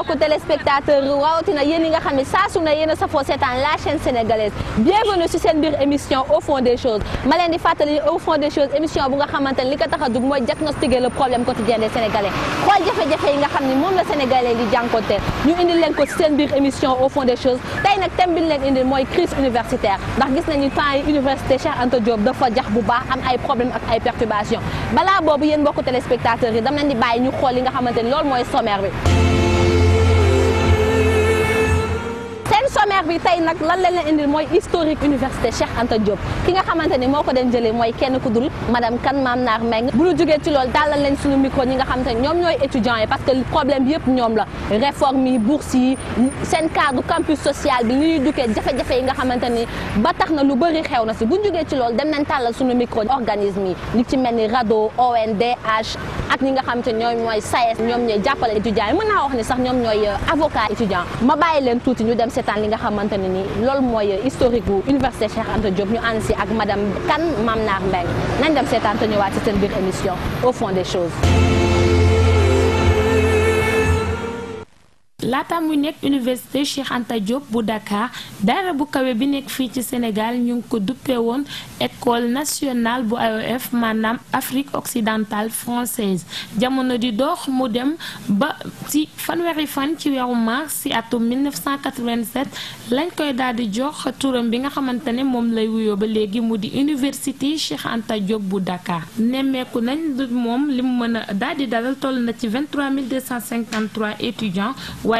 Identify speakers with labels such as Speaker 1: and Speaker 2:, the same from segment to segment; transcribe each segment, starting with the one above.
Speaker 1: mbokku téléspectateurs rawatina yéen yi nga xam ne saa su ne yéen a safoo seetaan la chaîne sénégalaise bienvenue si seen biir émission au fond des choses ma leen di fàttali au fond des choses émission bu nga xamante ne li ko tax a diagnostiquer le problème quotidien des sénégalais xool jafe-jafe yi nga xam ne moom la sénégalais di jànkonteel ñu indi leen ko si seen biir émission au fond des choses tey nag thème bi ñu leen indi mooy crise universitaire ndax gis nañu temps université Cheikh Anta Diop dafa jax bu baax am ay problème ak ay perturbation balaa boobu yéen mbokku téléspectateurs yi dam leen di bàyyi ñu xool nga xamante ne loolu sommaire bi sommaire bi tey nag lan lañ leen indil moy historique université Cheikh Anta Diop ki nga xamanteni moko moo ko den jëlee mooy kenn ku dul madame kan Mame Nar Mbengue bu ñu joggé ci loolu dalal leen suñu micro ñi nga xamanteni ñom ñoy étudiant yi parce que problème bi yëpp ñoom la réforme yi bourse yi seen cadre campus social bi li ñu duggee jafe-jafe yi nga xamanteni ba tax na lu bëri xew na si bu ñu joggé ci lool dem nañ talal suñu micro organisme yi li ci melni ni ONDH ak ñi nga xamanteni ñoy moy SAES ñom ñoy e jappalé étudiants yi mëna wax ni sax ñom ñoy euh, avocat étudiant ma bàyyi leen tuuti ñu dem seetaan nga xamante que ni loolu mooy historique université Cheikh Anta Diop ñu Mme Kan ak madame Kane Mame Nar Mbengue
Speaker 2: dem émission au fond des choses laata muy nekk université Cheikh Anta bu Dakar daara bu kawe bi nekk fii ci Sénégal ñu ngi ko duppee woon école nationale bu AOF maanaam Afrique occidentale française jamono di dox mu dem ba ci fanweeri fan ci weeru mars ci atum 1987 lañ koy daal di jox turam bi nga xamante ne moom lay wuyoo ba léegi mu di université Cheikh Anta bu Dakar nemmeeku nañ moom li mu mën a daal di dalal toll na ci 23 253 étudiants waaye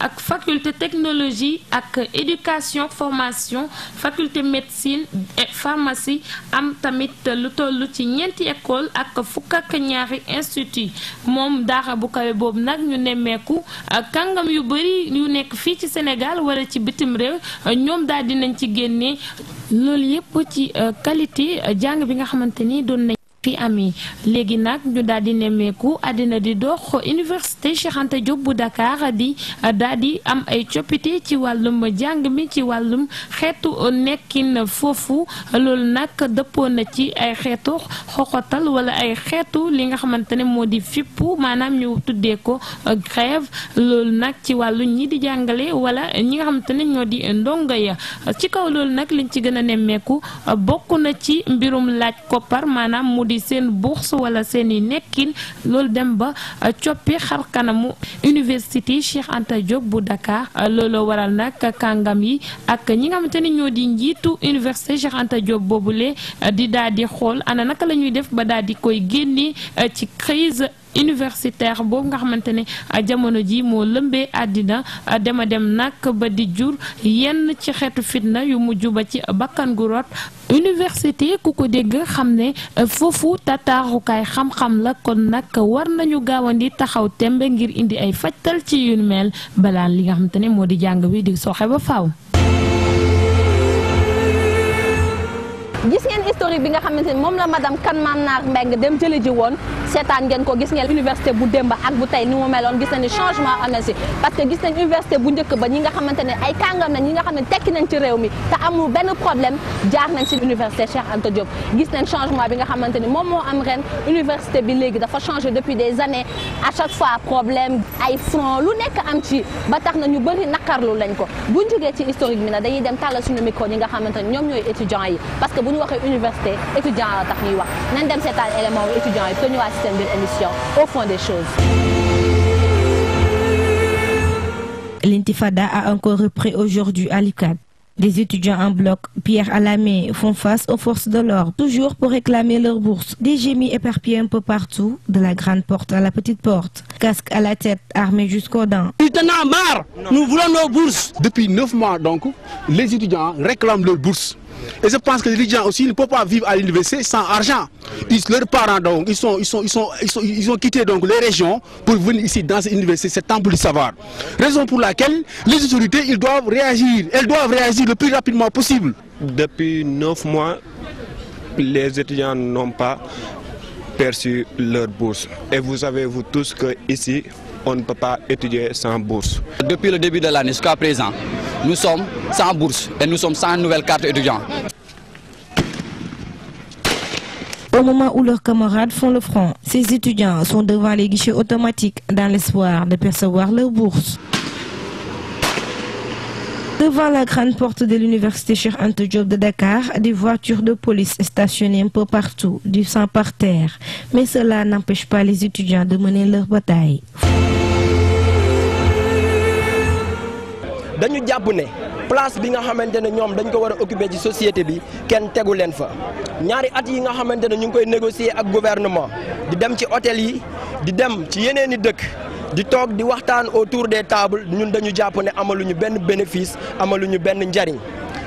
Speaker 2: ak faculté technologie ak éducation formation faculté médecine pharmacie am tamit lu toll ci ñenti ecole ak fukk ak ñaari institut moom daara bu kawe boobu nag ñu nemmeeku euh, kàngam yu bari yu nekk fii ci Sénégal wala ci bitim réew euh, ñoom daal dinañ ci génnee loolu yépp ci euh, qualité jàng bi nga xamante ni doon nañ fi amee léegi nag ñu daal di nemmeeku àddina di dox université Cheikh Anta Diop bu Dakar di eh, daal di am ay coppite ci wàllum jàng mi ci wàllum xeetu nekkin foofu loolu nag dëppoo na ci ay xeetu xoxotal wala ay xeetu li nga xamante ne moo di fippu maanaam ñu tuddee ko eh, grève loolu nag ci wàllu ñi di jàngale wala ñi nga xamante ne ñoo di ndongo ya ci kaw loolu nag liñ ci gën a nemmeeku eh, bokk na ci mbirum laaj koppar maanaam di seen bourse wala seen i nekkin loolu dem ba coppi xar kanamu université Cheikh Anta bu Dakar looloo waral nag kàngam yi ak ñi nga xamante ni ñoo di njiitu université Cheikh Anta Diop boobule di daal di xool ana naka lañuy def ba daal koy génne ci crise universitaire boo nga xamante ne jamono ji moo lëmbee àddina dema dem nag ba di jur yenn ci xeetu fitna yu mujj ba ci bakkan gu rot université ku ko dégg xam ne foofu tataaxukaay xam-xam la kon nag war nañu gaawandi taxaw tembe ngir indi ay fajtal ci yu mel balaa li nga xamante ne moo di jàng wi di soxe ba faw gis ngeen
Speaker 1: historique bi nga xamante ni moom la madame kan Mame mbeng dem jëli ji woon seetaan ngeen ko gis ngeen université bu démb ak bu tey ni mu meloon gis nañ ni changement am si parce que gis nañ université bu njëkk ba ñi nga xamante ne ay kàngam nañ ñi nga xam ne tekki nañ ci réew mi te amul benn problème jaar nañ si université Cheikh Anta Diop gis nañ changement bi nga xamante ni moom moo am ren université bi léegi dafa changé depuis des années à chaque fois problème ay front lu nekk am ci ba tax na ñu bëri nakarlu lañ ko bu ñu jógee ci historique bi nag dañuy dem tàllal suñu micro ñi nga xamante ne ñoom ñooy étudiants yi parce que université étudiant la tax wax élément étudiant au fond des choses
Speaker 2: L'intifada a encore repris aujourd'hui à l'icad. Des étudiants en bloc, Pierre à la font face aux forces de l'ordre, toujours pour réclamer leur bourse. Des gémis éparpillés un peu partout, de la grande porte à la petite porte. Casque à la tête, armés jusqu'aux dents.
Speaker 3: Nous voulons nos bourses
Speaker 4: Depuis 9 mois, donc, les étudiants réclament leur bourse. Et je pense que les gens aussi ne peuvent pas vivre à l'université sans argent. Ils, leurs parents, donc, ils, sont, ils, sont, ils, sont, ils, ont quitté donc, les régions pour venir ici dans cette université, c'est pour le savoir. Raison pour laquelle les autorités ils doivent réagir. Elles doivent réagir le plus rapidement possible.
Speaker 5: Depuis neuf mois, les étudiants n'ont pas perçu leur bourse. Et vous savez, vous tous, que ici, on ne peut pas étudier sans bourse. Depuis le début de l'année jusqu'à présent, nous sommes sans bourse et nous sommes sans nouvelle carte étudiant.
Speaker 2: Au moment où leurs camarades font le front, ces étudiants sont devant les guichets automatiques dans l'espoir de percevoir leur bourse. Devant la grande porte de l'université Cheikh Ante Diop de Dakar, des voitures de police stationnées un peu partout, du sang par terre. Mais cela n'empêche pas les étudiants de mener leur bataille.
Speaker 5: Nous sommes ne place bi nga xamante ne dañ ko occuper ci société bi kenn négocié len fa ñaari at yi nga koy négocier ak gouvernement di dem ci hôtel yi di dem ci di tok di autour des tables ñun dañu ne amaluñu ben bénéfice amaluñu ben njariñ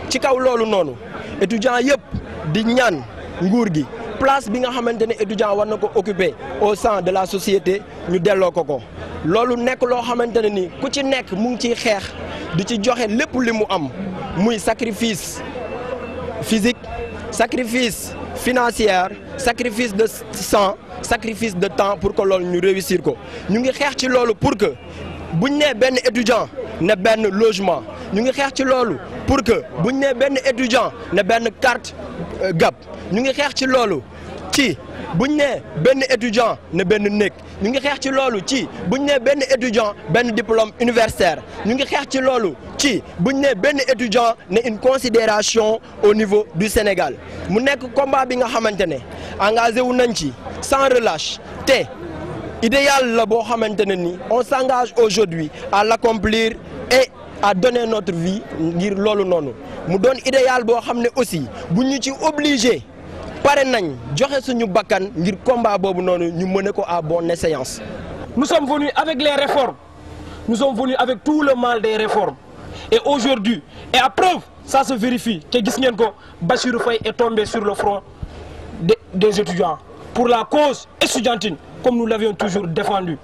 Speaker 5: ci kaw étudiants yépp di ñaan nguur gi place bi nga au sein de la société ñu ko ko lolu nek lo xamantene ni ku ci nek mu ngi sacrifice physique sacrifice financière sacrifice de sang sacrifice de temps pour que nous ñu Nous ko ñu ngi ci pour que buñ nee ben étudiant ne ben logement nous ngi xeex ci pour que buñ nee ben étudiant ne ben carte GAB ñu ngi xeex ci loolu. Si buñ êtes un étudiant ne ben un ñu ngi ci ci étudiant diplôme universitaire ñu ngi étudiant une considération au niveau du Sénégal mu un combat bi nga engagé wu sans relâche té idéal la ni on s'engage aujourd'hui à l'accomplir et à donner notre vie ngir lolu nonu mu donne idéal bo aussi Vous ci nous sommes venus avec les réformes nous sommes venus avec tout le mal des réformes
Speaker 3: et aujourd'hui et à preuve ça se vérifie que gis est tombé sur le front des étudiants pour la cause étudiantine comme nous l'avions toujours défendu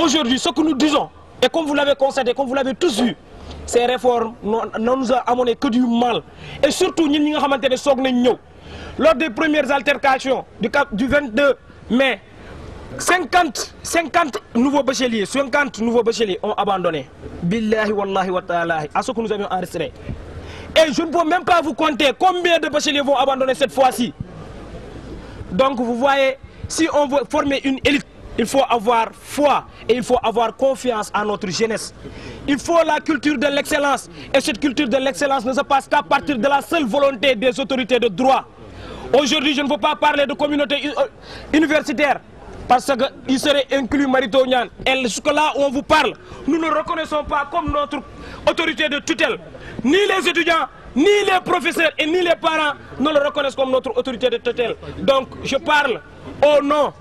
Speaker 3: aujourd'hui ce que nous disons et comme vous l'avez constaté comme vous l'avez tous vu ces réformes ne nous ont amené que du mal et surtout nous, ñi nga xamante lors des premières altercations du, 22 mai, 50, 50 nouveaux bacheliers, 50 nouveaux bacheliers ont abandonné. Billahi wallahi wa ta'alahi, à ce que nous avions enregistré. Et je ne peux même pas vous compter combien de bacheliers vont abandonner cette fois-ci. Donc vous voyez, si on veut former une élite, il faut avoir foi et il faut avoir confiance en notre jeunesse. Il faut la culture de l'excellence. Et cette culture de l'excellence ne se passe qu'à partir de la seule volonté des autorités de droit. Aujourd'hui, je ne veux pas parler de communauté euh, universitaire parce qu'il serait inclus Nian. Et jusque-là où on vous parle, nous ne reconnaissons pas comme notre autorité de tutelle, ni les étudiants, ni les professeurs et ni les parents ne le reconnaissent comme notre autorité de tutelle. Donc je parle au nom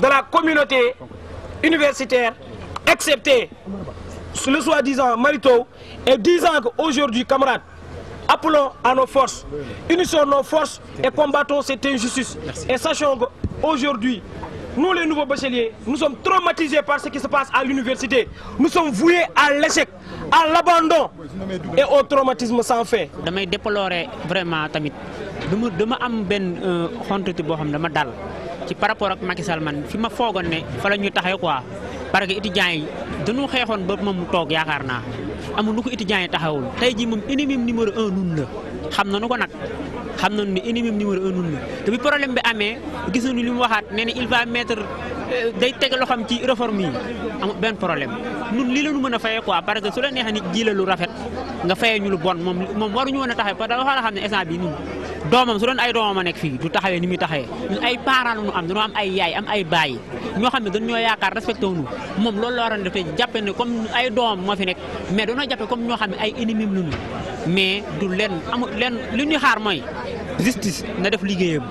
Speaker 3: de la communauté universitaire, excepté le soi-disant Marito, et disant qu'aujourd'hui, camarades, Appelons à nos forces, unissons nos forces et combattons cette injustice. Et sachons qu'aujourd'hui, nous les nouveaux bacheliers, nous sommes traumatisés par ce qui se passe à l'université. Nous sommes voués à l'échec, à l'abandon
Speaker 4: et
Speaker 6: au traumatisme sans fin. déplorer vraiment tamit par rapport que amul nu ko étudiants yi taxawul tey jii moom ennemi numéro un nun la xam na nu ko nag xam nañu ni ennemi numéro un nun te bi problème bi amee gis nañu li mu waxaat nee na il va mettre euh, day teg loxoom ci réforme yi amul benn problème nun lii la nu mën a fayee quoi parce que su la neexee nit ji lu rafet nga fayee ñu lu bon moom moom waruñu woon a taxawee parce que dafa war a xam ne instant bii nii doomam su doon ay doomam a nekk fii du taxawee ni muy taxawee ñun ay parents la ñu am dañoo ay yaay am ay baay ñoo xam ne dañ ñoo yaakaar respecté wu ñu moom loolu la war a def te ne comme ay moo fi nekk mais dañoo jàppe comme ñoo xam ne ay ennemis lu ñu mais du lenn amul lenn li ñuy xaar mooy justice na def liggéeyam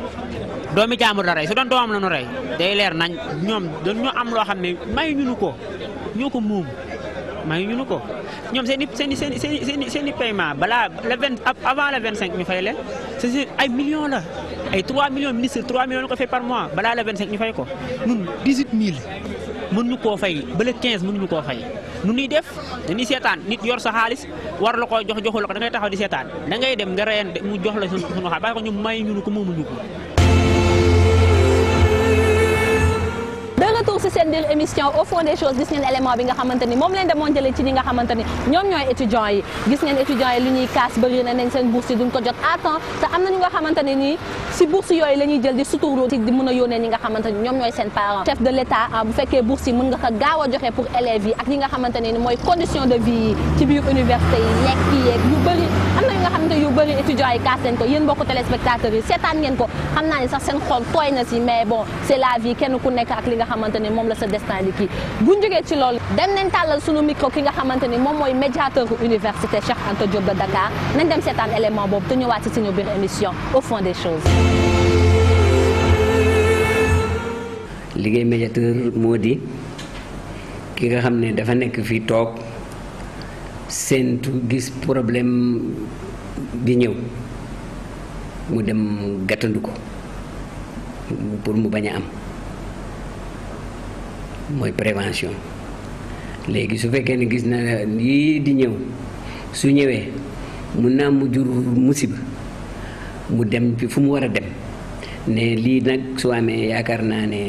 Speaker 6: doomi jaamur la rey su doon doomam la nu rey day leer nañ ñoom ñoo am loo xam ne may ñu ko ñoo ko moom may ñu ko ñoom seen i seen seeni seen i seen i paiement balaa le vingt avant le vingt cinq ñu fay leen c'est ay millions la ay trois millions ministre trois millions ko fay par mois balaa le vingt cinq ñu fay ko ñun dix huit mille mën ñu koo fay ba le quinze mën ñu koo nu ñuy def dañuy seetaan nit yor sa xaalis war la ko jox joxu la ko da ngay taxaw di seetaan da ngay dem nga reyaan mu jox la sunu xaalis parce que ñu may ñunu ko moomuñu ko
Speaker 1: retour si seen biir émission au fond des choses gis ngeen élément bi nga xamante ni moom leen demoon jëlee ci ñi nga xamante ni ñoom ñooy étudiants yi gis ngeen étudiants yi li ñuy kaas bëri na seen bourse yi jot à temps am na ñu nga xamante ne nii si bourse yooyu la ñuy jël di suturlu ci di mën a yónnee ñi nga xamante ni ñoom ñooy seen parents chef de l'état ah, bu fekkee bourse yi mën nga ko gaaw a joxe pour élèves yi ak ñi nga xamante ne ni mooy condition de vie yi ci xam xamante yu bëri étudiants yi kaas leen ko yéen mbokku téléspectateurs yi seetaan ngeen ko xam naa ne sax seen xol tooy na si mais bon c'est la vie kenn ku nekk ak li nga xamante ne moom la sa destin di kii bu ñu dem nañ ki nga xamante ni moom mooy médiateur université Cheikh Anta Diop de Dakar nañ dem seetaan élément boobu te ñëwaat ci suñu biir émission au fond des choses
Speaker 7: liggéey médiateur moo di ki nga xam ne dafa nekk fii toog seen seentu gis problème di ñew mu dem gatanduko pour mu baña am moy prévention légui su fekkee ne gis na yi di ñew su ñewé mu na mu jur musiba mu dem fi fu mu wara dem ne li nak su amé yaakar na ne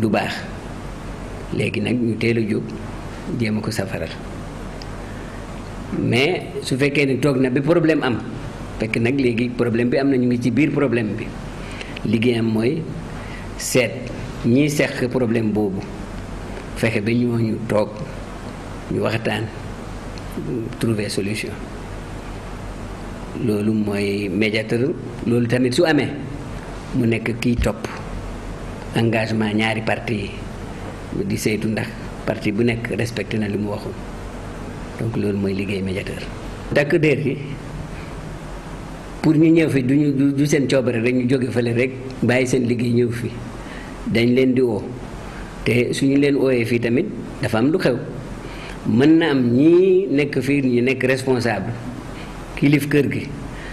Speaker 7: du baax légui nak ñu téla jog jëm ko safaral mais su fekkee ni toog na bi problème am fekk nag léegi problème bi am na ñu ngi ci biir problème bi liggéeyam mooy seet ñiy seq problème boobu fexe ba ñooñu toog ñu waxtaan trouver solution loolu mooy médiateur loolu tamit su amee mu nekk kiy topp engagement ñaari parti yi di saytu ndax partie bu nekk respecté na li mu waxoon donc loolu mooy liggéey médiateur takk der yi pour ñu ñëw fi duñu du seen coobare rek ñu jóge fale rek bàyyi seen liggéey ñëw fi dañ leen di woo te suñu leen wooyee fii tamit dafa am lu xew mën na am ñii nekk fii ñu nekk responsable kilif kër gi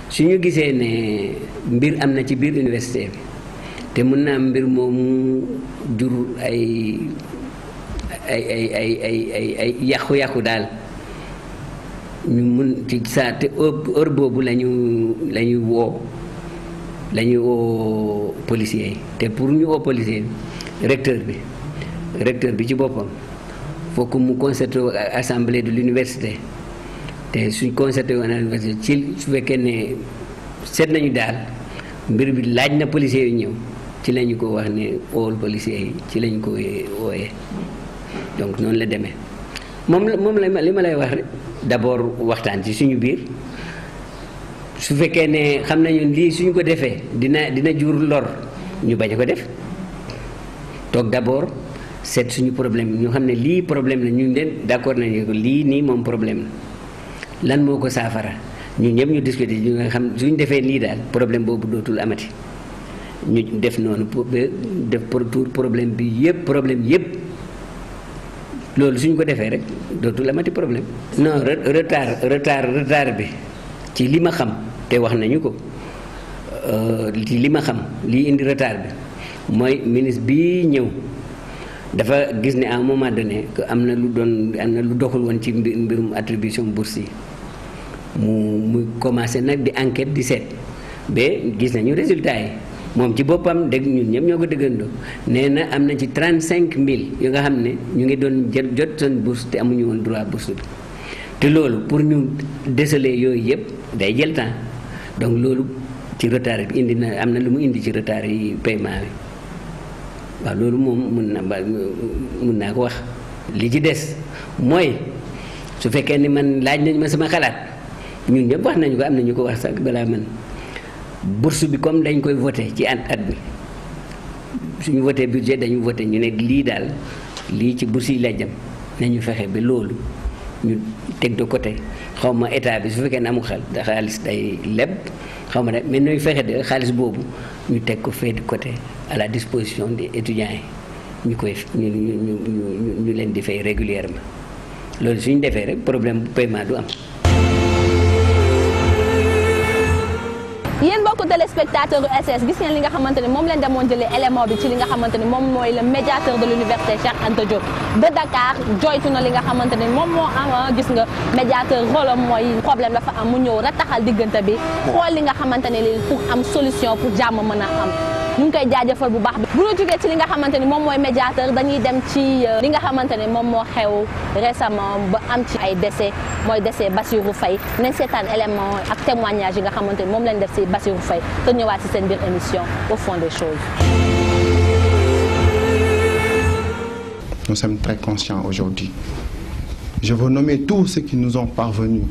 Speaker 7: suñu gisee ne mbir am na ci biir université bi te mën na am mbir moomu jur ay ay ay ay ay ay ay daal ñu mun ci saa te heure boobu la ñu la ñuy woo la ñuy woo policiers yi te pour ñu woo policier bi recteur bi recteur bi ci boppam fokk mu concerté assemblée de l'université te suñ concerté woon université ci su fekkee ne seet nañu daal mbir bi laaj na policiers yi ñëw ci lañu ko wax ni wool policiers yi ci lañ ko wooyee donc noonu la demee moom la moom la li ma lay wax d'abord waxtaan ci suñu biir su fekkee ne xam nañu lii suñu ko defee dina dina jur lor ñu bañ a ko def toog d'abord seet suñu problème ñu xam ne lii problème la ñu leen d'accord nañu ko lii nii moom problème lan moo ko saafara ñu ñëpp ñu discuter ñu nga xam suñu defee lii daal problème boobu dootul amati ñu def noonu pour def pour problème bi yëpp problème yëpp. loolu suñ ko defee rek dootul amati problème non retard retard retard bi ci li ma xam te wax nañu ko euh, ci li ma xam lii indi retard bi mooy ministre bi ñëw dafa gis ne à un moment donné que am na lu doon am na lu doxul woon ci mbirum attribution bourse yi mu mu commencé nag di enquête di seet ba gis nañu résultat yi mom ci bopam deg ñun ñepp ñoko degeendo neena amna ci 35000 yu nga xamne ñu ngi doon jot jot seen bourse te amuñu won droit bourse bi te lolu pour ñu déceler yoy yépp day jël temps donc lolu ci retard bi indi na amna lu mu indi ci retard yi paiement bi ba lolu mom mën na ba mun naa ko wax li ci dess moy su fekkee ni man laaj nañ ma sama xalaat ñun ñepp wax nañu ko amna ñu ko wax sax bala man bourse bi comme dañ koy ci budget dañu voté ñu ne lii daal ci de côté xaw état bi su de côté à la disposition des étudiants ñu régulièrement problème
Speaker 1: yéen mbokku téléspectateur u SS gis ngeen li nga xamante ne moom lañ demoon jëlee élément bi ci li nga xamante ne moom mooy le médiateur de l'université Cheikh Anta Diop de Dakar joytu na li nga xamante ne moom moo am ah, gis nga médiateur rôlam mooy problème dafa am mu ñëw al diggante bi xool li nga xamante ne li pour am solution pour jàmm mën a am ñu ngi koy jaajëfal bu baax bu ñu jógee ci li nga xamante ni moom mooy médiateur dañuy dem ci euh, li nga xamante ne moom moo xew récemment ba am ci ay décès mooy décès Basirou Faye nañ seetaan élément ak témoignage yi nga xamante ni moom lañ def si Basirou Faye te ñëwaat si seen biir émission au fond des choses
Speaker 8: Nous sommes très conscients aujourd'hui. Je veux nommer tous ceux qui nous ont parvenus,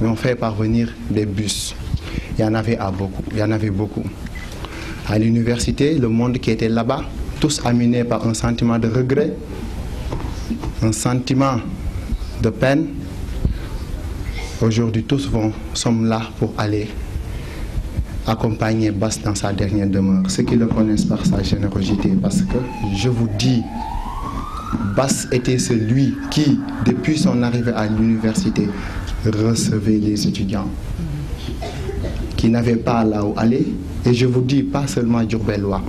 Speaker 8: nous ont fait parvenir des bus. Il y en avait à beaucoup, il y en avait beaucoup à l'université, le monde qui était là-bas, tous amenés par un sentiment de regret, un sentiment de peine. Aujourd'hui, tous vont, sommes là pour aller accompagner Basse dans sa dernière demeure. Ceux qui le connaissent par sa générosité, parce que je vous dis, Basse était celui qui, depuis son arrivée à l'université, recevait les étudiants qui n'avaient pas là où aller, et je vous dis, pas seulement d'Urbellois,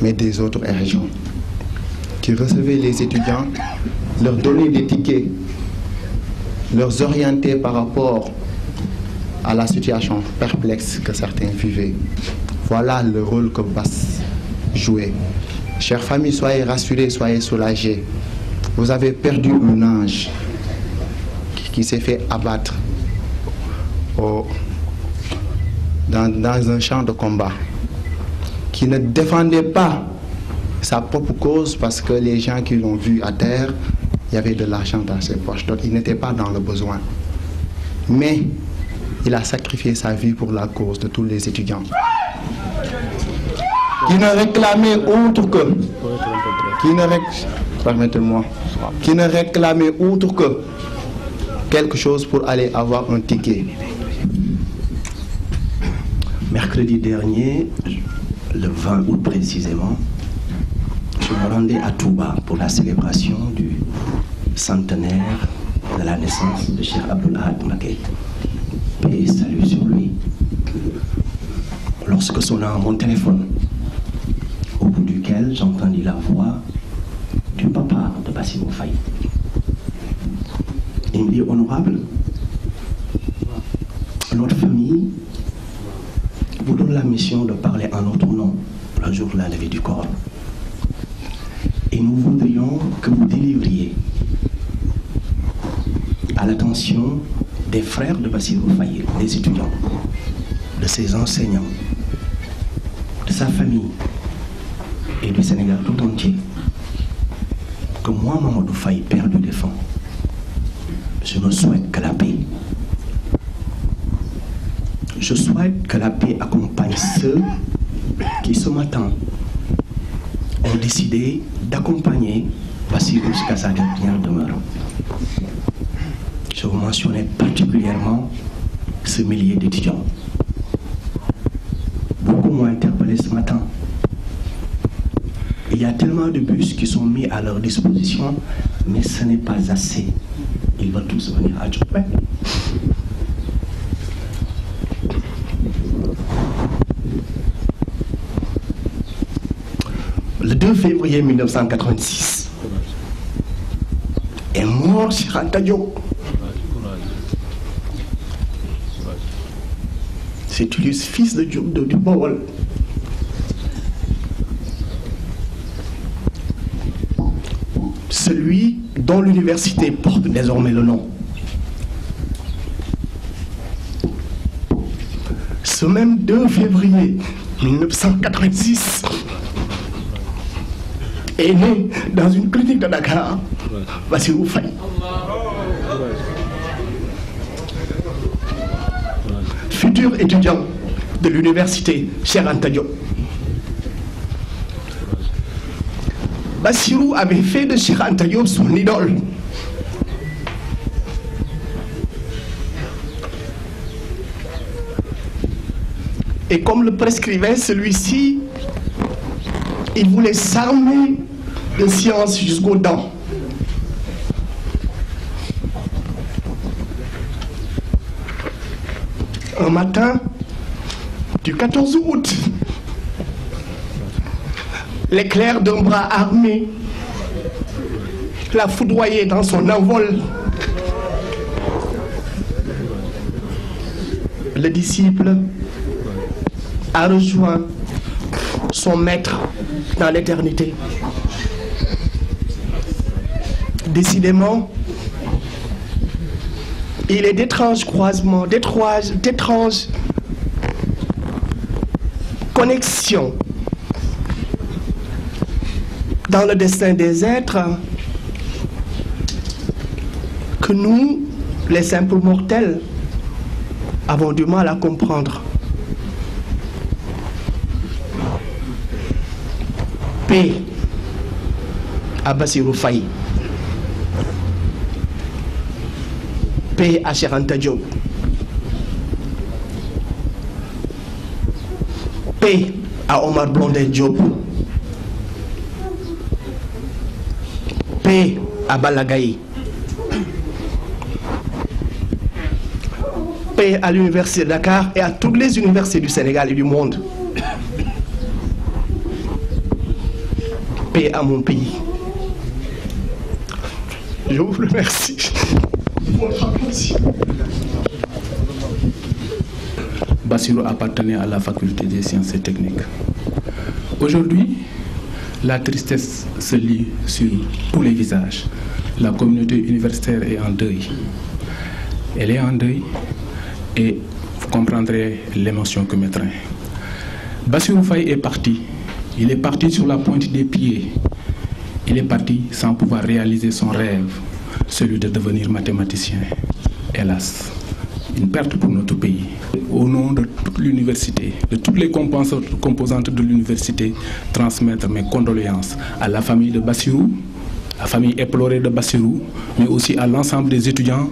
Speaker 8: mais des autres régions, qui recevaient les étudiants, leur donnaient des tickets, leur orienter par rapport à la situation perplexe que certains vivaient. Voilà le rôle que Basse jouait. Chères familles, soyez rassurés, soyez soulagés. Vous avez perdu un ange qui s'est fait abattre au, dans, un champ de combat, qui ne défendait pas sa propre cause parce que les gens qui l'ont vu à terre, il y avait de l'argent dans ses poches. Donc il n'était pas dans le besoin. Mais il a sacrifié sa vie pour la cause de tous les étudiants. Qui ne réclamait autre que... Qui ne, Permettez-moi. Qui ne réclamait autre que quelque chose pour aller avoir un ticket. Mercredi
Speaker 9: dernier, le 20 août précisément, je me rendais à Touba pour la célébration du centenaire de la naissance de Cheikh Abdullah Ahad et salut sur lui. Lorsque sonna mon téléphone, au bout duquel j'entendis la voix du papa de Bassimo Faye. Il me dit, honorable, notre famille vous donne la mission de parler en notre nom le jour de la levée du corps. Et nous voudrions que vous délivriez à l'attention des frères de Bassirou Oufayé, des étudiants, de ses enseignants, de sa famille et du Sénégal tout entier, que moi, Mamadou Faye, père du défunt, je ne souhaite que la paix je souhaite que la paix accompagne ceux qui, ce matin, ont décidé d'accompagner Bassirou Kassade bien demeure. Je vous mentionnais particulièrement ce millier d'étudiants. Beaucoup m'ont interpellé ce matin. Il y a tellement de bus qui sont mis à leur disposition, mais ce n'est pas assez. Ils vont tous venir à Jopin. février 1986 et moi, c'est C'est Julius, fils de dieu Celui dont l'université porte désormais le nom. Ce même 2 février 1986, et né dans une clinique de Dakar, Bassirou Faye. Futur étudiant de l'université cher Diop. Bassirou avait fait de cher son idole. Et comme le prescrivait celui-ci, il voulait s'armer de science jusqu'aux dents. Un matin du 14 août, l'éclair d'un bras armé l'a foudroyé dans son envol. Le disciple a rejoint son maître dans l'éternité. Décidément, il est d'étranges croisements, d'étranges connexions dans le destin des êtres que nous, les simples mortels, avons du mal à comprendre. Paix à paix à Sheranta Diop. Paix à Omar blondet Diop. Paix à Balagaï. Paix à l'Université Dakar et à toutes les universités du Sénégal et du monde. Paix à mon pays. Je vous remercie.
Speaker 4: Bassiro appartenait à la faculté des sciences et techniques. Aujourd'hui, la tristesse se lit sur tous les visages. La communauté universitaire est en deuil. Elle est en deuil et vous comprendrez l'émotion que mettra. Bassirou Faye est parti. Il est parti sur la pointe des pieds. Il est parti sans pouvoir réaliser son rêve celui de devenir mathématicien. Hélas, une perte pour notre pays. Au nom de toute l'université, de toutes les composantes de l'université, transmettre mes condoléances à la famille de Bassirou, la famille éplorée de Bassirou, mais aussi à l'ensemble des étudiants,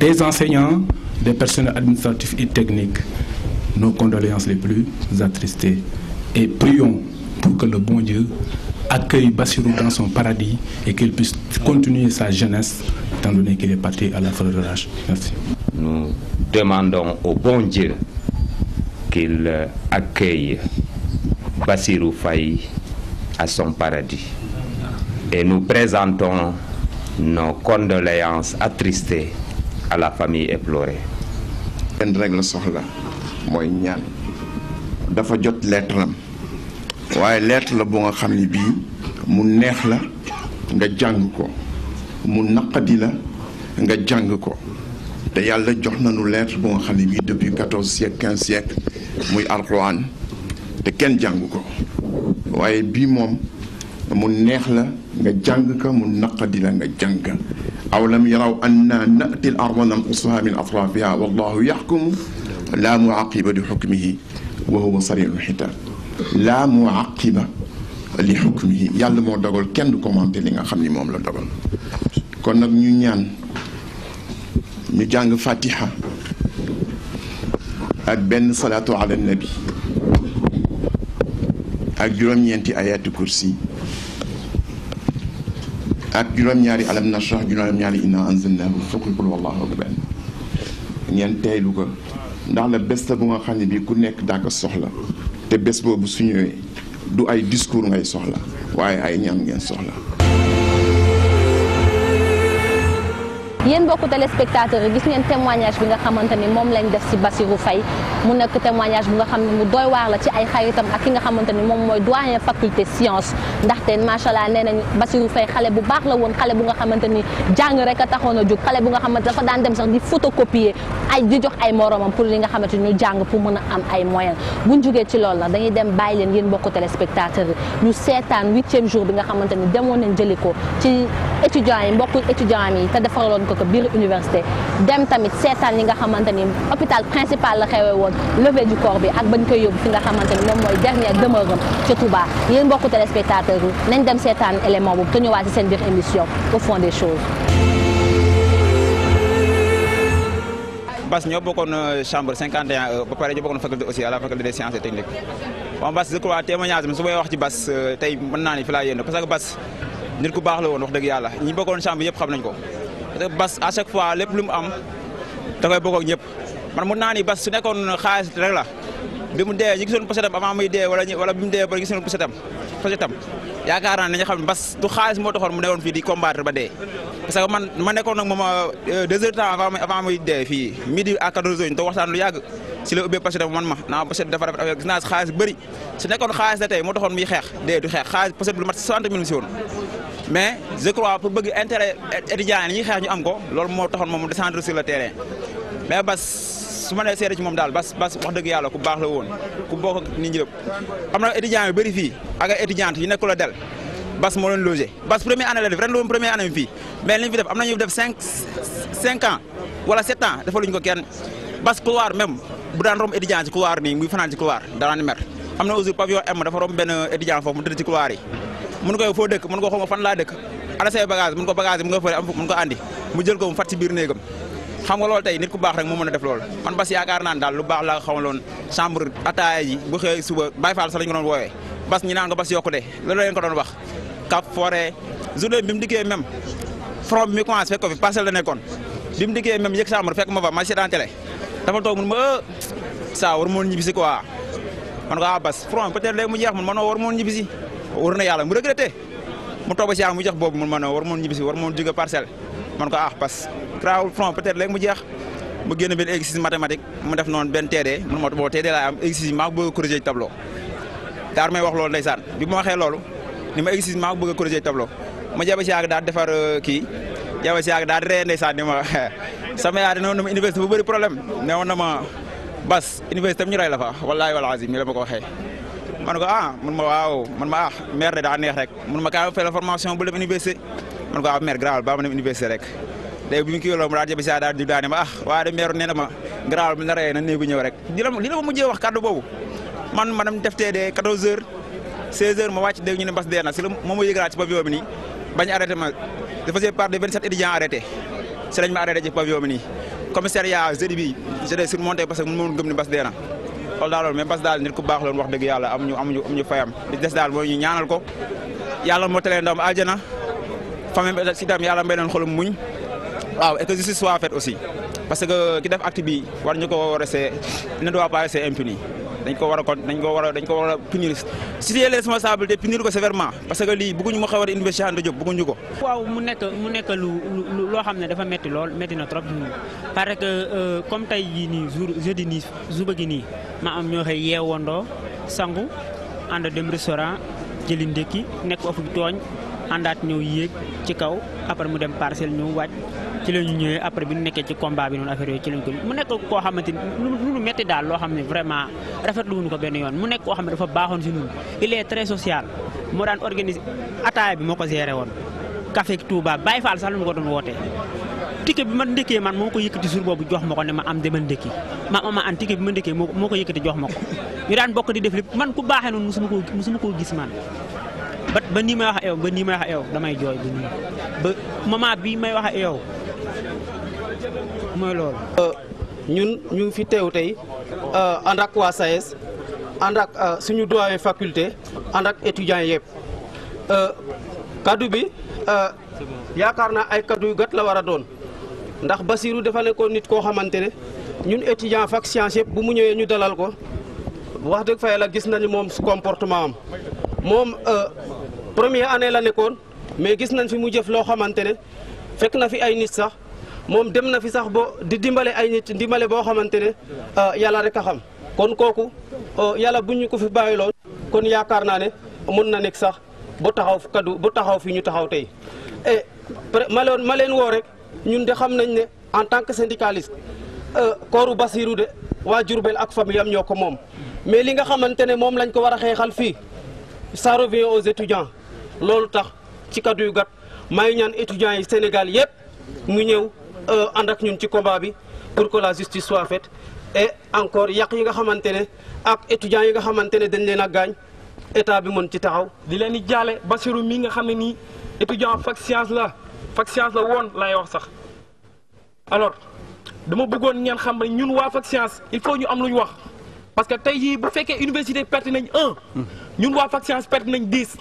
Speaker 4: des enseignants, des personnels administratifs et techniques. Nos condoléances les plus attristées. Et prions pour que le bon Dieu accueille Bassirou dans son paradis et qu'il puisse continuer sa jeunesse, étant donné qu'il est parti à la fin de l'âge. Merci.
Speaker 10: Nous demandons au bon Dieu qu'il euh, accueille Bassirou Faye à son paradis. Et nous présentons nos condoléances attristées à la famille
Speaker 11: éplorée. Une règle waaye lettre la bu nga xam ni bii mu neex la nga jàng ko mu naqadi la nga jàng ko te yàlla jox nañu lettre bu nga xam ne bii depuis 14 siècle 15 siècle muy alquran te kenn jàng ko waaye bii moom mu neex la nga jàng ka mu naqadi la nga jàng aw lam yaraw anna nati l arda nanqusuha min atrafiha wallahu yaxkumu la muaqiba li xukmihi wa huwa sariul xitab laa muaqiba li xukmihi yàlla moo dogal kenn du commenté li nga xam ni moom la dogal kon nag ñu ñaan ñu jàng fatiha ak benn salaatu ala nabi ak juróom-ñeenti ayatu kursi ak juróom-ñaari alam nashrah juróom-ñaari inna anzalnahu fukki qul ko ndax la bés la bu nga xam ne bii ku nekk daa soxla te bés boobu su ñëwee du ay discours ngay soxla waaye ay ñam ngeen soxla
Speaker 1: yéen mbokku téléspectateurs yi gis ngeen témoignage bi nga xamante ni moom lañ def si Basirou Faye mu nekk témoignage bi nga xam ne mu doy waar la ci ay xaritam ak ki nga xamante ni moom mooy doyen faculté science ndaxte machallah nee nañ Bassirou Faye xale bu baax la woon xale bu nga xamante ni jàng rek a taxoon a jóg xale bu nga xamante dafa daan dem sax di photocopier ay di jox ay moromam pour li nga xamante ni ñu jàng pour mën a am ay moyens buñ jógee ci loolu nag dañuy dem bàyyi leen yéen mbokku téléspectateurs yi ñu seetaan huitième jour bi nga xamante ni demoon nañ jëli ko ci étudiants yi mbokku étudiants yi te defaraloon ko que biir université dem tamit seetaan yi nga xamante ni hôpital principal la xewee woon levé du corps bi ak bañ koy yóbbu fi nga xamante ni moom mooy dernière demeure am ca Touba yéen mbokku téléspectateurs yi nañ dem seetaan élément boobu te ñëwaat ci seen biir émission au fond des choses
Speaker 10: Bas ñoo bokkoon euh, chambre 51 euh, ba pare ñoo bokkoon faculté aussi à la faculté des sciences et techniques bon Bas je crois témoignage bi su may wax ci Bas euh, tey mën naa ni fi laa yéen parce que Bas nit ku baax la woon wax dëgg yàlla ñi bokkoon chambre yëpp xam nañ ko bas à chaque fois lépp lu mu am da koy bokk ak man mun naa ni bas su nekkoon xaalis rek la dee ñu posetam avant muy dee wala wala bi mu dee ba gisoon posetam posetam yaakaar naa ne dañuy xam ne bas du xaalis moo taxoon mu newoon fii di combattre ba dee. parce que man nekkoon nag moom euh, deux avant avant dee fii midi à quatorze heures ñu toog waxtaan lu yàgg si la ubbee posetam man ma naa poset dafa rafet affaire gis xaalis bëri su nekkoon xaalis la tey moo taxoon muy xeex dee du xeex xaalis poset lu mat mais je crois pour bëgg intérêt étudiants yi ñuy xeex ñu am ko lool moo taxoon moom descendre sur le terrain mais bas su ma nee seede ci moom daal bas bas wax dëgg yàlla ku baax la woon ku bokk ak nit am na étudiants yu bëri fii ak ay étudiantes yu nekkul a del bas moo leen logé bas première année la def ren la woon première année fii mais li ñu fi def am na ñu def cinq cinq ans wala sept ans defaluñu ko kenn bas couloir même bu daan romb étudiant ci couloir nii muy fanaan ci couloir danaan mer am mën ko fo dekk mën ko xoma fan la dekk ala say bagage mën ko bagage mën ko fële am ko andi mu jël ko mu fat ci bir néegam xam nga lol tay nit ku bax rek mo meuna def lol man bas yaakar naan dal lu bax la xaw chambre ataaya ji bu xey suba bay Fall sa lañ ko doon woowee bas ñi naan nga bas yokku de la leen ko don wax cap foré journée bi mu dikkee même from mi commencé fekk fi parcelle da nekkon bi mu dikkee même yek chambre fekk ma fa ma dan télé dafa tok mu ma war mo ñibisi quoi man nga ah, bas from peut-être lay mu jeex man mo war mo ñibisi war na yàlla mu regretté mu toog ba si mu jox boobu mun ma ne war moon ñibbisi war moon jóge parcelle man ko ah parce que CRA front peut-être léegi mu jeex mu génn benn exercice mathématique mu def noonu benn TD mun ma boo TD laa am exercice maa bëgg a corriger tableau daar may wax loolu ndeysaan bi ma waxee loolu ni ma exercice maa bëgg a corriger tableau ma jaba si yàgg daal defar euh, kii jaba si yàgg daal ree ndeysaan ni ma sama yaa dina na ma université bu bëri problème ne woon na ma bas université tam ñu rey la fa wallaahi wal azim ni la ma ko waxee ma ko ah man ma waaw man ma ah maire de daa neex rek man ma kaay fay la formation bu dem université man ko ah maire garaawal ba ma dem université rek léegi bi mu kii mu daal di jëm si waat daane ma ah waaye de maire nee na ma garaawal bi naree na néew ñëw rek li la mujjee wax kàddu boobu man ma dem de 14 heures 16 heures ma wàcc dégg ñu ne mbas si la moom ma yëgalaat ci pavillon de 27 étudiants arrêté si ma arrêté ci pavillon ni loolu daal loolu mais Bass daal nit ku baax loon wax dëgg yàlla am ñu am ñu am ñu fayam li des daal mooy ñu ñaanal ko yàlla moo talee ndam aljana famille si tam yàlla mbay leen xolum muñ waaw et que justice aussi parce que ki def acte bi war ñu ko war a rester ne doit pas rester impuni dañ ko war a kon dañ ko war a dañ ko war a punir situer les responsabilités punir ko sévèrement parce que lii bëgguñu mu xaw a université Anta Diop bëgguñu ko.
Speaker 6: waaw mu nekk mu nekk lu lu loo xam ne dafa métti lool métti na trop parce que euh, comme tey jii nii jour jeudi nii suba gi nii ma am ñoo xëy yeewandoo sangu ànd dem restaurant jëli ndékki nekk ofu tooñ at ñëw yéeg ci kaw après mu dem parcelle ñëw wàcc. ci la ñu ñëwee après bi ñu nekkee ci combat bi noonu affaire yooyu ci lañ ko mu nekk lu nu xam ne vraiment rafetlu wuñu ko benn yoon mu nekk koo xam ne dafa baaxoon si ñun il est très social moo daan organiser ataaya bi moo ko géré woon café Touba Baye Fall sax lu ñu ko doon wootee ticket bi ma ndëkkee man moo ko yëkkati jour bu jox ma ko ne ma am dama ndëkki ma am an ticket bi ma ndëkkee moo ko yëkkati jox ma ko ñu daan bokk di def lépp man ku baaxee noonu musuma koo musuma koo gis man ba ba nii may ba nii may wax ak yow damay jooy ba nii ba moment bii wax yow mooy loolu. Euh,
Speaker 12: ñun ñu ngi fi teew tey euh, ànd ak waa SAES ànd ak euh, suñu doyen faculté ànd ak étudiants yëpp kaddu bi yaakaar na ay kaddu yu gàtt la war a doon ndax Basirou dafa nekkoon nit koo xamante ne ñun étudiant fac science yëpp bu mu ñëwee ñu dalal ko wax dëgg fa yàlla gis ni moom comportement am moom première année la nekkoon mais gis nañ fi mu jëf loo xamante ne fekk na fi ay nit sax. moom dem na fi sax bo di dimbale ay nit dimbale boo xamante ne ah, yàlla rek a xam kon kooku ah, yàlla bu ñu ko fi bàyyiloon kon yaakaar naa ne mun na nekk sax ba taxaw kaddu ba taxaw fi ñu taxaw tey e ma leen ma leen woo rek ñun de xam nañ ne en tant que syndicaliste ah, kooru Basiru de waa Jurbel ak famille am ñoo ko moom mais li nga xamante ne moom lañ ko war a xeexal fii ça revient aux étudiants loolu tax ci kaddu yu gàtt may ñaan étudiants yi Sénégal yëpp mu ñëw Euh, ànd andak ñun ci combat bi pour que la justice soit faite et encore yak yi nga xamantene ak étudiants yi nga xamantene dañ leen a gaañ état bi mën ci taxaw. di leen di jaale Bassirou mi nga xam ne étudiant fac
Speaker 3: science la fac science la won lay wax sax alors dama bëggoon ngeen xam ne ñun wa fac science il faut ñu am luñ wax parce que tay jii bu fekkee université perte nañ 1 ñun wa fac science perte nañ 10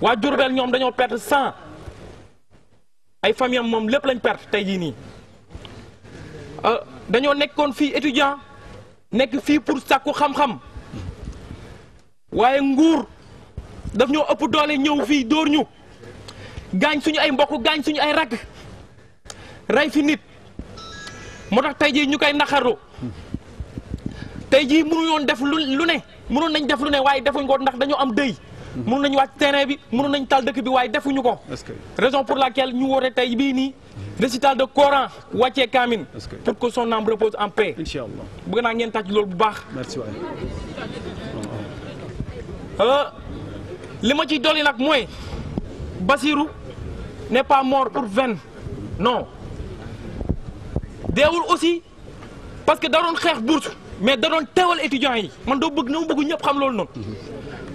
Speaker 3: wa Diourbel ñom dañoo perte 100 ay famille moom lépp lañ perte tey jii nii ah, dañoo nekkoon fii étudiant nekk fii pour sàkku xam-xam waaye nguur daf ñoo ëpp doole ñëw fii dóor ñu gaañ suñu ay mbokk gaañ suñu ay rakk rey fi nit moo tax tey jii ñu koy naxaru tey munu mënuñoon def lu ne munoon nañ def lu ne waaye defuñ ko ndax dañoo am dëy mënoon nañu wacc terrain bi mënoon nañu tal dëkk bi waaye defuñu ko. raison pour laquelle ñu woote tey bii nii. récital de Coran wàccee Kamin. pour que son âme repose en paix. incha allah bëgg naa ngeen tàcc loolu bu baax. merci euh, li ma ci doli nag mooy Basirou n'est pas mort pour vain non deewul aussi parce que da doon xeex bourse mais da doon teewal étudiant yi man doo bëgg na mu bëgg ñëpp xam loolu noonu.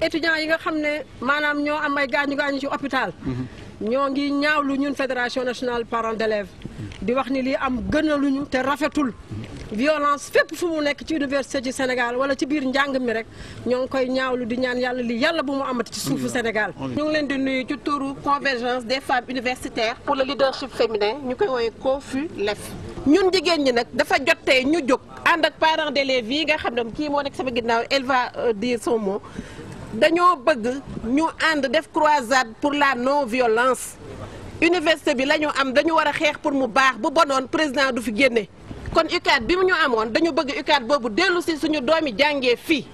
Speaker 6: étudiants yi nga xamné manam ño am ay gañu gañu ci hôpital. ño ngi ñaawlu ñun fédération nationale parents d'élèves. di wax ni li am gënaluñu té rafetul. violence fep fu mu nekk ci université du Sénégal wala ci biir njang mi rek ño ngi koy ñaawlu di ñaan
Speaker 12: yalla li yalla bu mu amati ci suufu Sénégal. ñu ngi leen di nuyu ci touru convergence des femmes universitaires pour le leadership féminin ñu koy woowee COFULEF. ñun jigéen ñi nak dafa jotté ñu jóg and ak parents d'élèves yi nga xamné ki mo moo nekk sama ginnaw elle va euh, dire son mot. dañoo bëgg ñu ànd def croisade pour la non violence université bi la ñu am dañu war a xeex pour mu baax bu bonoon président du fi génne kon UCAD bi mu ñu amoon dañu bëgg UCAD boobu dellu si suñu doomi jàngee fii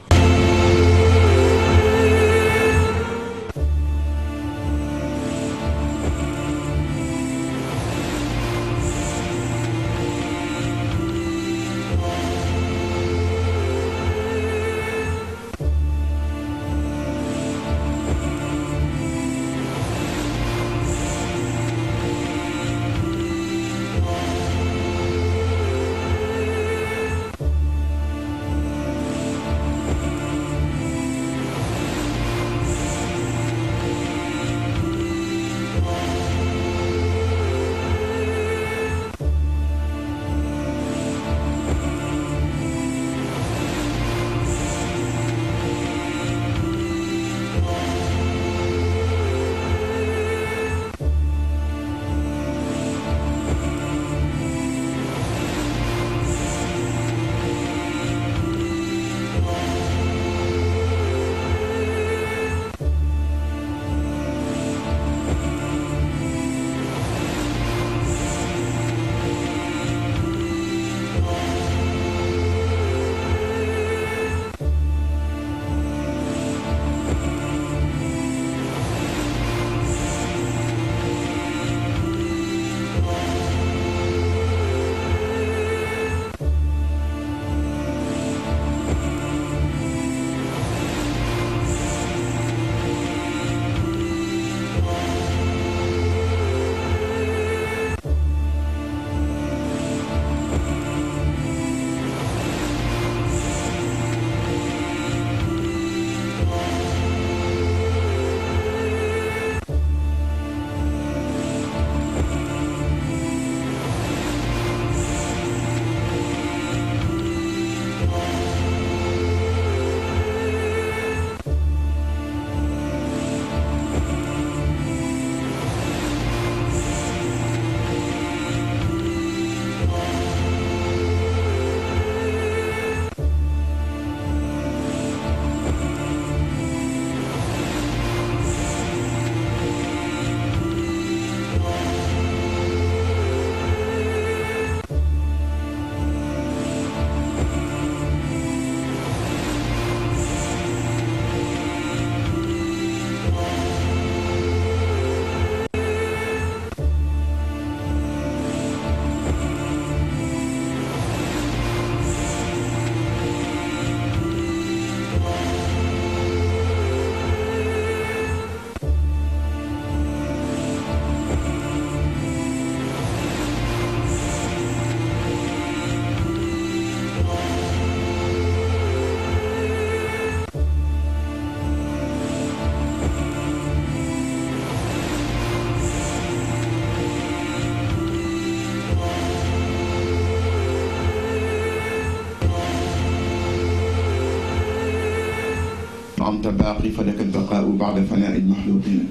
Speaker 11: باقي فلك البقاء بعد فناء المخلوقين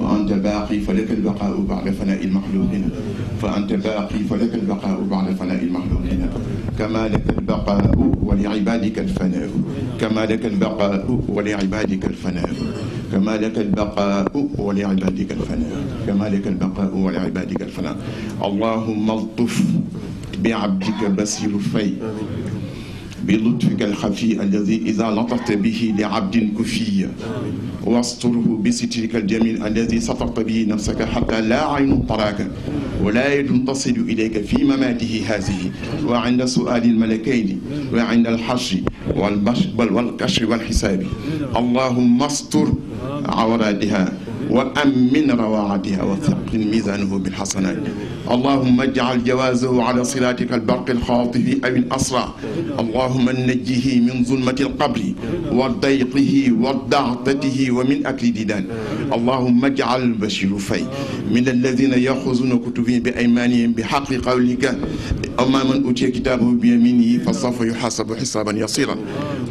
Speaker 11: وأنت باقي فلك البقاء بعد فناء المخلوقين فأنت باقي فلك البقاء بعد فناء المخلوقين كما لك البقاء ولعبادك الفناء كما لك البقاء ولعبادك الفناء كما لك البقاء ولعبادك الفناء كما لك البقاء ولعبادك الفناء اللهم الطف بعبدك بسير الفي بلطفك الخفي الذي إذا لطفت به لعبد كفي واستره بسترك الجميل الذي سترت به نفسك حتى لا عين تراك ولا يد تصل إليك في مماته هذه وعند سؤال الملكين وعند الحشر والبشر والكشر والحساب اللهم استر عوراتها وأمن رواعدها وثقل ميزانه بالحسنات اللهم اجعل جوازه على صلاتك البرق الخاطف أو الأسرى اللهم نجيه من ظلمة القبر وضيقه وضعطته ومن أكل ديدان اللهم اجعل بشرفي في من الذين يأخذون كتبهم بأيمانهم بحق قولك أما من أوتي كتابه بيمينه فسوف يحاسب حسابا يسيرا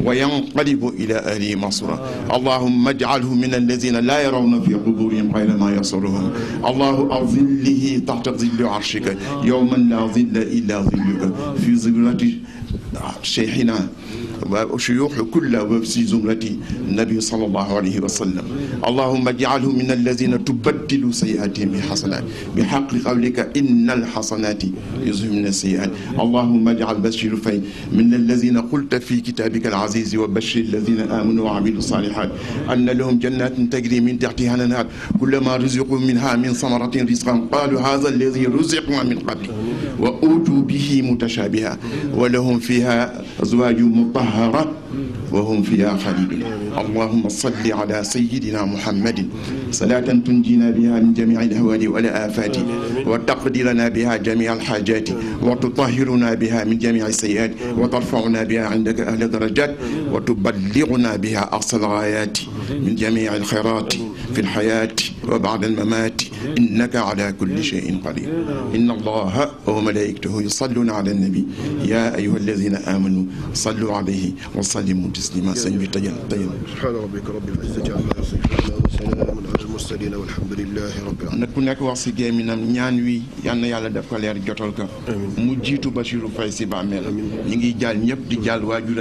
Speaker 11: وينقلب إلى أهله مصرا اللهم اجعله من الذين لا يرون في قبورهم غير ما يصرهم الله أظله تحت ظل عرشك يوما لا ظل إلا ظلك في ظلة شيخنا وشيوخ كل وفي زمرة النبي صلى الله عليه وسلم اللهم اجعله من الذين تبدل سيئاتهم بحسنات بحق قولك إن الحسنات يزهمن السيئات اللهم اجعل بشير فين من الذين قلت في كتابك العزيز وبشر الذين آمنوا وعملوا الصالحات أن لهم جنات تجري من تحتها الأنهار كلما رزقوا منها من ثمرة رزقا قالوا هذا الذي رزقنا من قبل وأوتوا به متشابها ولهم فيها أزواج مطهرة طهر وهم في آخر اللهم صل على سيدنا محمد صلاة تنجينا بها من جميع الأهوال والآفات وتقضي لنا بها جميع الحاجات وتطهرنا بها من جميع السيئات وترفعنا بها عندك أهل الدرجات وتبلغنا بها أقصى الغايات من جميع الخيرات في الحياة وبعد الممات إنك على كل شيء قدير إن الله وملائكته يصلون على النبي يا أيها الذين آمنوا صلوا عليه وسلموا تسليما سيدي طيب طيب سبحان ربك رب العزة
Speaker 8: عما يصفون وسلام على المرسلين والحمد لله رب
Speaker 11: العالمين نكون لك واسي جامينا نيان وي يانا يالا دافكا لير جوتولكا مجيتو بشير فايسي بعمل نيجي جال نيب دي جال واجو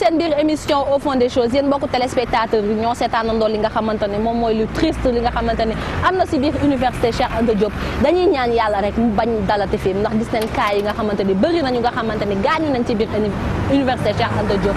Speaker 1: seen bir émission au fond des choses yéen mbokku téléspectateurs yi ñoo seetaanandoo li nga xamante mom moy lu triste li nga xamante amna ci bir université Cheikh Anta Diop dañuy ñaan yalla rek mu bañ dalate fi ndax gis nañ kay yi nga xamante ne bëri nañu nga xamante ne nañ ci bir université Cheikh Anta Diop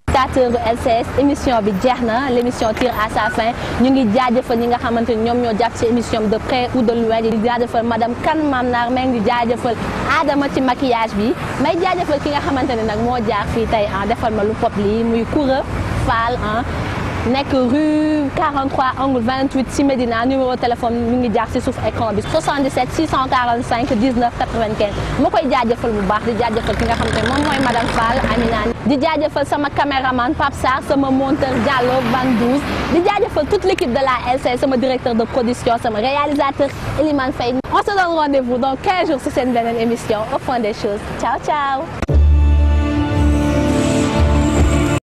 Speaker 1: téléspectateurs LCS émission bi jeex na l' émission tire à sa fin ñu ngi jaajëfal ñi nga xamante ni ñoom ñoo jàpp ci émission de près ou de loin di jaajëfal madame Kan Mam Naar may ngi jaajëfal Adama ci maquillage bi may jaajëfal ki nga xamante ne nag moo jaar fi tey ah defal ma lu pop lii muy Koura Fall ah Nek rue 43 angle 28 ci numéro de téléphone mingi ngi ci suuf écran bi 77 645 19 95 ma koy jaajëfal bu baax di jaajëfal ki nga xam te moom madame Fall Amina di jaajëfal sama caméraman Pape Sarr sama monteur Diallo Van Douze di jaajëfal toute l'équipe de la LC sama directeur de production sama réalisateur Eliman Faye on se donne rendez-vous dans 15 jours ci seen beneen émission au fond des choses ciao ciao